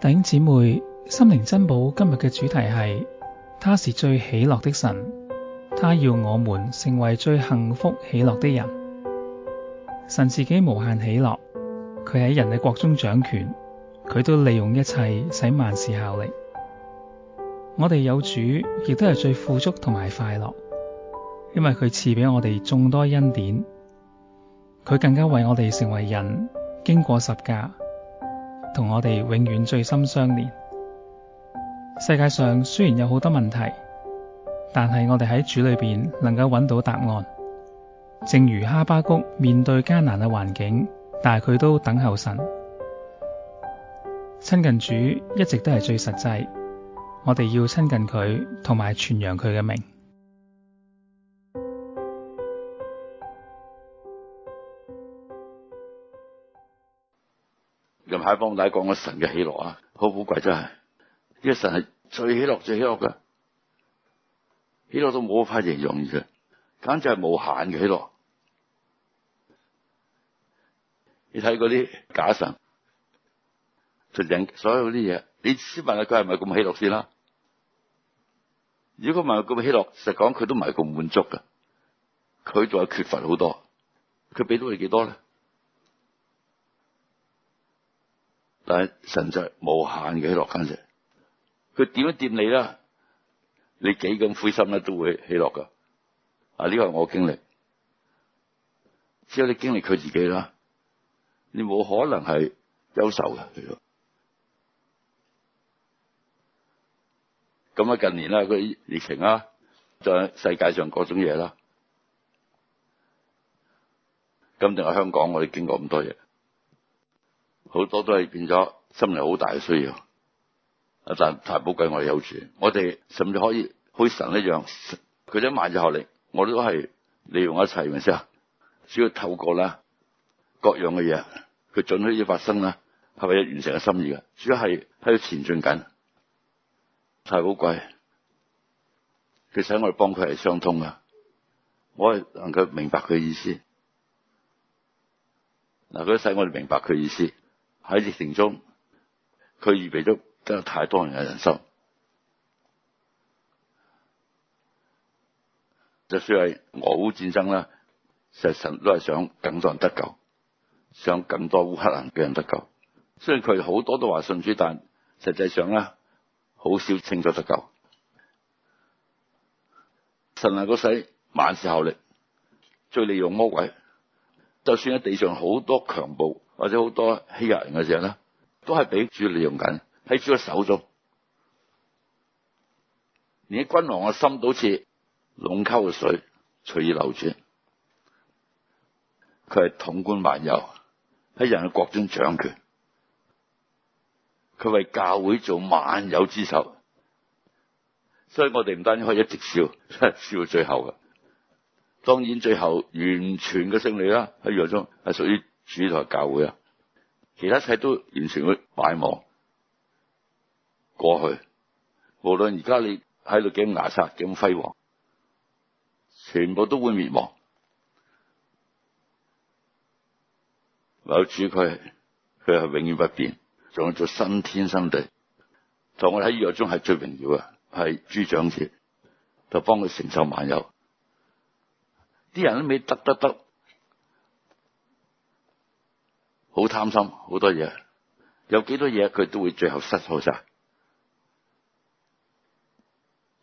弟兄姊妹，心靈珍寶今日嘅主題係，他是最喜樂的神，他要我們成為最幸福喜樂的人。神自己無限喜樂，佢喺人嘅國中掌權，佢都利用一切使萬事效力。我哋有主，亦都係最富足同埋快樂，因為佢賜俾我哋眾多恩典，佢更加為我哋成為人，經過十架。同我哋永遠最深相連。世界上雖然有好多問題，但係我哋喺主裏邊能夠揾到答案。正如哈巴谷面對艱難嘅環境，但係佢都等候神。親近主一直都係最實際，我哋要親近佢，同埋傳揚佢嘅名。解放大講個神嘅喜樂啊，好寶貴真係。呢個神係最喜樂、最喜樂噶，喜樂都冇法形容嘅，簡直係無限嘅喜樂。你睇嗰啲假神，就整所有啲嘢，你先問下佢係咪咁喜樂先啦。如果唔係咁喜樂，實講佢都唔係咁滿足噶，佢仲係缺乏好多。佢俾到你幾多咧？但係神就無限嘅喜樂。簡直佢點一掂你啦，你幾咁灰心咧都會喜樂噶。啊，呢個係我經歷，只要你經歷佢自己啦。你冇可能係憂愁嘅。咁啊，近年啦，佢疫情啦，再世界上各種嘢啦，咁定係香港，我哋經過咁多嘢。好多都係變咗，心理好大嘅需要。啊，但太寶貴我哋有主，我哋甚至可以好似神一樣，佢想萬有效力。我哋都係利用一切，咪先，主啊？只要透過啦，各樣嘅嘢，佢准許啲發生啦，係咪有完成嘅心意嘅？主要係喺度前進緊。太寶貴，佢使我哋幫佢係相通嘅，我係能夠明白佢意思。嗱，佢使我哋明白佢意思。喺疫情中，佢預備咗真係太多人嘅人生。就算係俄烏戰爭啦，其實神都係想更多人得救，想更多烏克蘭嘅人得救。雖然佢好多都話信主，但實際上咧，好少清楚得救。神啊，個世萬事效力，最利用魔鬼。就算喺地上好多強暴。或者好多欺人嘅時候，咧，都係俾主利用緊，喺主嘅手中。連啲君王嘅心都似龍溝嘅水，隨意流轉。佢係統管萬有，喺人嘅國中掌權。佢為教會做萬有之首。所以我哋唔單止可以一直笑，笑到最後嘅。當然最後完全嘅勝利啦，喺宇宙中係屬於。主台教會啊，其他一切都完全會敗亡。過去，無論而家你喺度幾牙刷咁輝煌，全部都會滅亡。唯有主佢，佢係永遠不變，仲要做新天新地。當我喺宇宙中係最榮耀啊，係主長子，就幫佢承受萬有。啲人都未得得得。好貪心，好多嘢，有幾多嘢佢都會最後失去曬。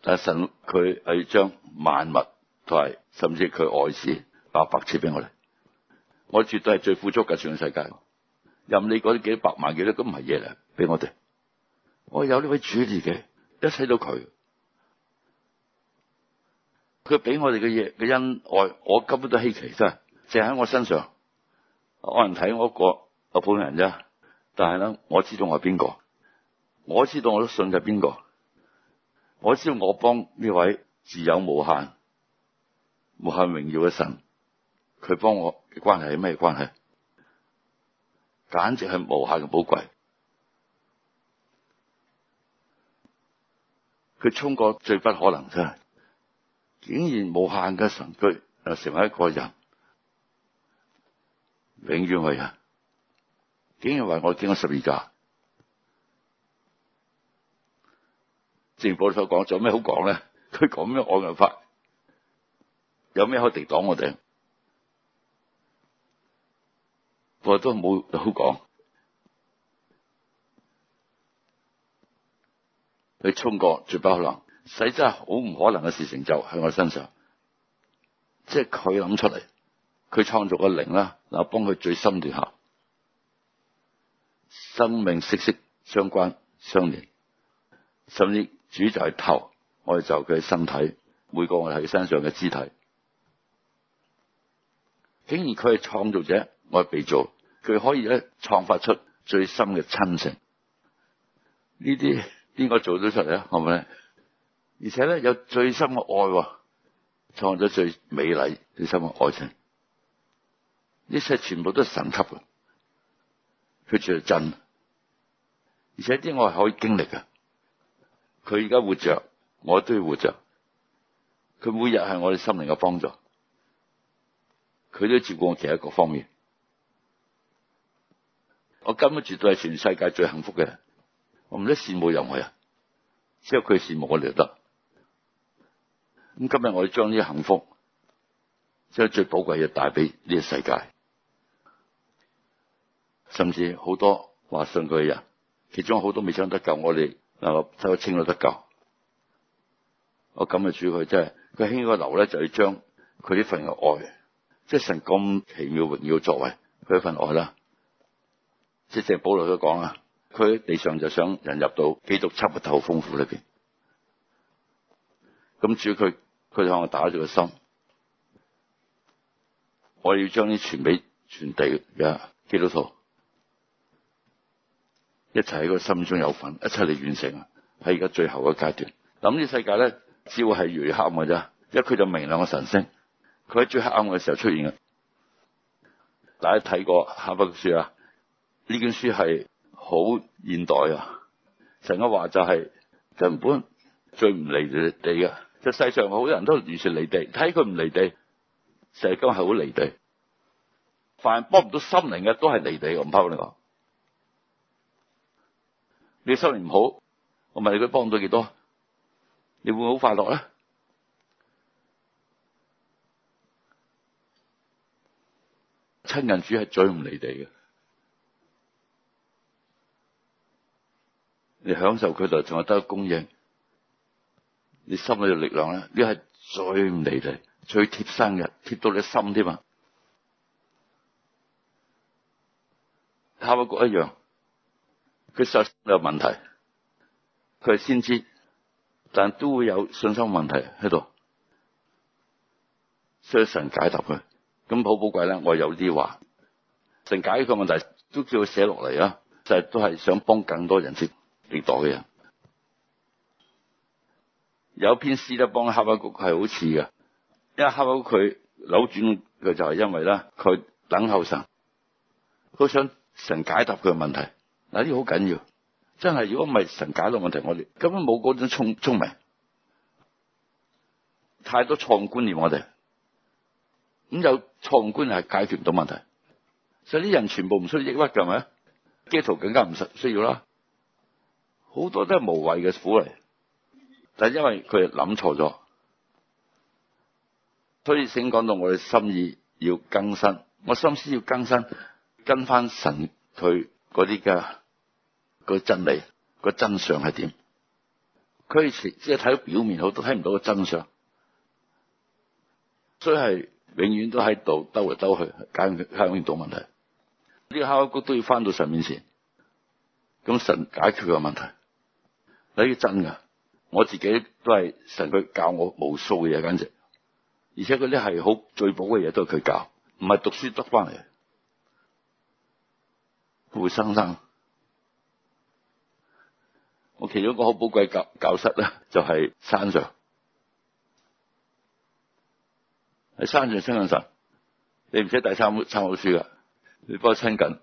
但係神佢係將萬物同埋甚至佢愛子白白賜俾我哋，我絕對係最富足嘅全世界。任你嗰幾百萬幾多都唔係嘢嚟，俾我哋。我有呢位主子嘅一切都佢。佢俾我哋嘅嘢嘅恩愛，我根本都稀奇真係。淨喺我身上，我人睇我一個。我本人啫，但係咧，我知道我係邊個，我知道我都信係邊個，我知道我幫呢位自有無限無限榮耀嘅神，佢幫我嘅關係係咩關係？簡直係無限嘅寶貴。佢衝過最不可能真係，竟然無限嘅神居啊，成為一個人，永遠係人。竟然話我跌咗十二架，正如保羅所講，仲有咩好講咧？佢講咩？我人法有咩可以抵擋我哋？我都冇好講。佢衝過絕不可能，使真係好唔可能嘅事情就喺我身上，即係佢諗出嚟，佢創造個零啦，嗱，幫佢最深段下。生命息息相關相連，甚至主就係頭，我哋就佢嘅身體，每個我係佢身上嘅肢體。竟然佢係創造者，我係被造。佢可以咧創發出最深嘅親情。呢啲邊個做到出嚟啊？係咪？而且咧有最深嘅愛，創咗最美麗、最深嘅愛情。呢些全部都係神級嘅。佢住係真，而且啲我係可以經歷嘅。佢而家活着，我都要活着。佢每日係我哋心靈嘅幫助，佢都照顧我其他各方面。我根本絕對係全世界最幸福嘅人，我唔使羨慕任何人，只有佢羨慕我哋就得。咁今日我將呢啲幸福，將、就是、最寶貴嘅帶俾呢個世界。甚至好多話信佢嘅人，其中好多未想得救。我哋嗱，走去清理得救。我咁去主佢，即係佢興個流咧，就要將佢呢份嘅愛，即係神咁奇妙榮耀作為佢一份愛啦。即係鄭保羅佢講啊，佢喺地上就想人入到基督七日頭豐富裏邊。咁主佢，佢向我打咗個心，我要將啲傳俾傳遞嘅基督徒。一齊喺個心中有份，一齊嚟完成啊！喺而家最後嘅階段，諗呢世界咧，只會係愈黑暗嘅啫，因為佢就明亮嘅晨星，佢喺最黑暗嘅時候出現嘅。大家睇過哈巴谷書啊？呢卷書係好現代啊！耶和華就係、是就是、根本最唔離地嘅，就是、世上好多人都完全離地，睇佢唔離地，成日咁係好離地，凡係幫唔到心靈嘅都係離地的，我唔怕你講。你心情唔好，我問你佢幫到幾多？你會唔會好快樂咧？親近主係最唔離地嘅，你享受佢度，仲係得到供應。你心裏嘅力量咧，呢係最唔離地、最貼身嘅，貼到你心添啊！差不多一樣。佢實有問題，佢係先知，但都會有信心問題喺度，所以神解答佢咁好寶貴咧。我有啲話神解答佢問題，都叫佢寫落嚟啊，就係都係想幫更多人先，領代嘅。有篇詩咧，幫哈巴谷係好似嘅，因為哈巴谷佢扭轉佢就係因為咧，佢等候神，好想神解答佢嘅問題。嗱呢啲好緊要，真係如果唔係神解答問題，我哋根本冇嗰種聰明，太多錯誤觀念我，我哋咁有錯誤觀念係解決唔到問題，所以啲人全部唔需要抑鬱㗎，係咪？基督徒更加唔需要啦，好多都係無謂嘅苦嚟，但係因為佢諗錯咗，所以先講到我哋心意要更新，我心思要更新，跟翻神佢嗰啲嘅。個真理個真相係點？佢成即係睇到表面，好都睇唔到個真相，所以係永遠都喺度兜嚟兜去，解決係永遠到問題。啲考古都要翻到神面前，咁神解決佢個問題。你啲真噶，我自己都係神佢教我無數嘅嘢，簡直而且啲係好最補嘅嘢，都係佢教，唔係讀書得翻嚟，會生生。其中一個好寶貴嘅教教室咧，就係山上喺山上親近神，你唔使帶參參考書噶，你幫我親近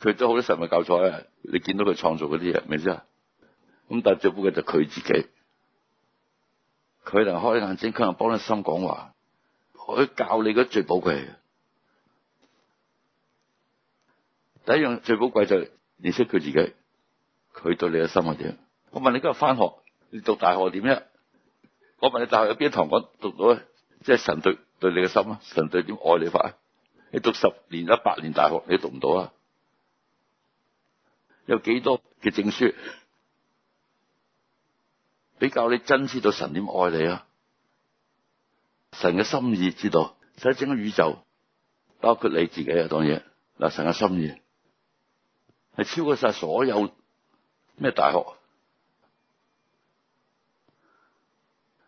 佢都好多神物教材啊！你見到佢創造嗰啲嘢，明唔明先啊？咁但係最寶貴就佢自己，佢能開眼睛，佢能幫得心講話，佢教你嘅最寶貴。第一樣最寶貴就認識佢自己，佢對你嘅心係點？我問你今日翻學，你讀大學點樣？我問你大學有邊堂講讀到，即係神對對你嘅心啊？神對點愛你法啊？你讀十年、一百年大學，你讀唔到啊？有幾多嘅證書，比較你真知道神點愛你啊？神嘅心意知道，使整個宇宙包括你自己啊，當然嗱，神嘅心意。係超過晒所有咩大學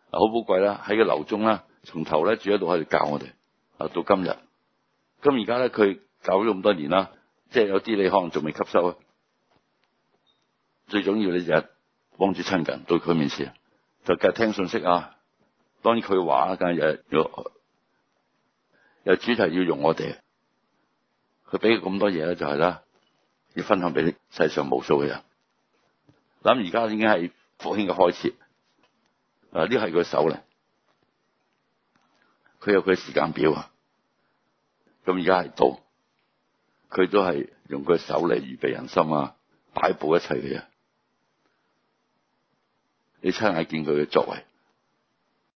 啊，好寶貴啦！喺個樓中啦，從頭咧住喺度喺度教我哋啊，到今日咁而家咧，佢教咗咁多年啦，即係有啲你可能仲未吸收啊。最重要是你就係幫住親近對佢面試，就繼聽信息啊，當然佢話啊，梗係又又主題要用我哋，佢俾咁多嘢咧就係啦。要分享俾你世上無數嘅人，諗而家已經係復興嘅開始。啊！呢係佢嘅手嚟，佢他有佢他時間表啊。咁而家係到，佢都係用佢嘅手嚟預備人心啊，擺佈一切嘅人。你親眼見佢嘅作為。